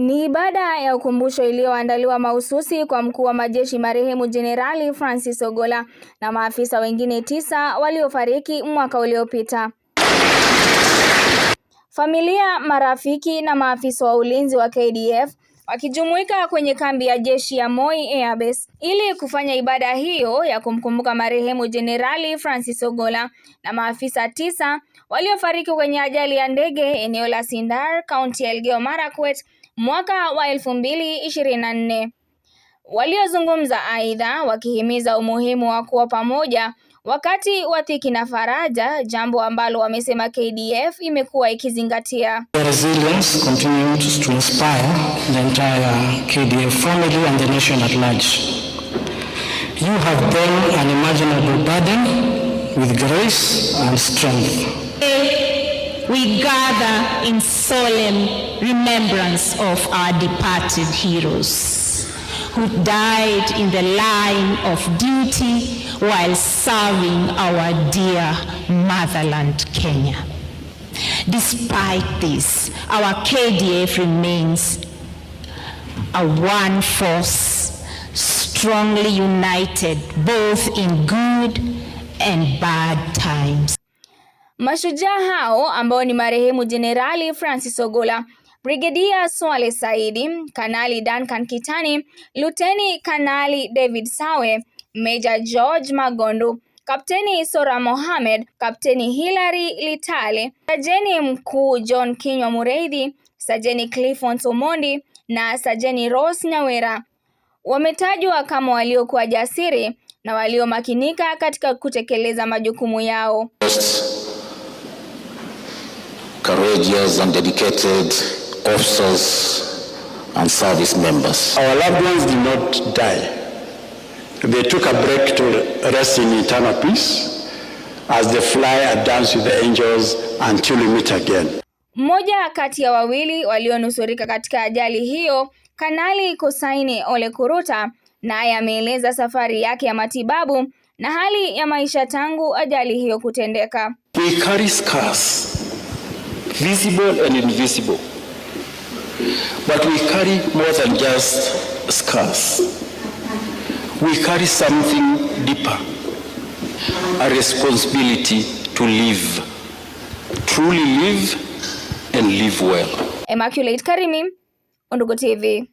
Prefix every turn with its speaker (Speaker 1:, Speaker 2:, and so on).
Speaker 1: Ni ibada ya ukumbusho iliyoandaliwa mahususi kwa mkuu wa majeshi marehemu Jenerali Francis Ogola na maafisa wengine tisa waliofariki mwaka uliopita. Familia, marafiki na maafisa wa ulinzi wa KDF wakijumuika kwenye kambi ya jeshi ya Moi Airbase ili kufanya ibada hiyo ya kumkumbuka marehemu Jenerali Francis Ogola na maafisa tisa waliofariki kwenye ajali ya ndege eneo la Sindar, kaunti ya Elgeyo Marakwet mwaka wa elfu mbili ishirini na nne. Waliozungumza aidha wakihimiza umuhimu wa kuwa pamoja wakati wa dhiki na faraja, jambo ambalo wamesema KDF imekuwa ikizingatia.
Speaker 2: Resilience continues to inspire the entire KDF family and the nation at large. You have borne an imaginable burden with grace and strength.
Speaker 3: we gather in solemn remembrance of our departed heroes who died in the line of duty while serving our dear motherland, Kenya. Despite this, our KDF remains a one force, strongly united both in good and bad times.
Speaker 1: Mashujaa hao ambao ni marehemu Jenerali Francis Ogola, Brigedia Swale Saidi, Kanali Duncan Kitani, Luteni Kanali David Sawe, Meja George Magondu, Kapteni Sora Mohamed, Kapteni Hilary Litale, Sajeni Mkuu John Kinywa Mureithi, Sajeni Clifton Somondi na Sajeni Rose Nyawera wametajwa kama waliokuwa jasiri na waliomakinika katika kutekeleza majukumu yao
Speaker 4: courageous and dedicated officers and service members.
Speaker 5: Our loved ones did not die. They took a break to rest in eternal peace as they fly and dance with the angels until we meet again.
Speaker 1: Mmoja kati ya wawili walionusurika katika ajali hiyo, Kanali Kosaine Ole Kuruta, naye ameeleza safari yake ya matibabu na hali ya maisha tangu ajali hiyo kutendeka.
Speaker 5: We carry scars visible and invisible. But we carry more than just scars. We carry something deeper, a responsibility to live, truly live and live well. Immaculate Karimi, Undugu TV.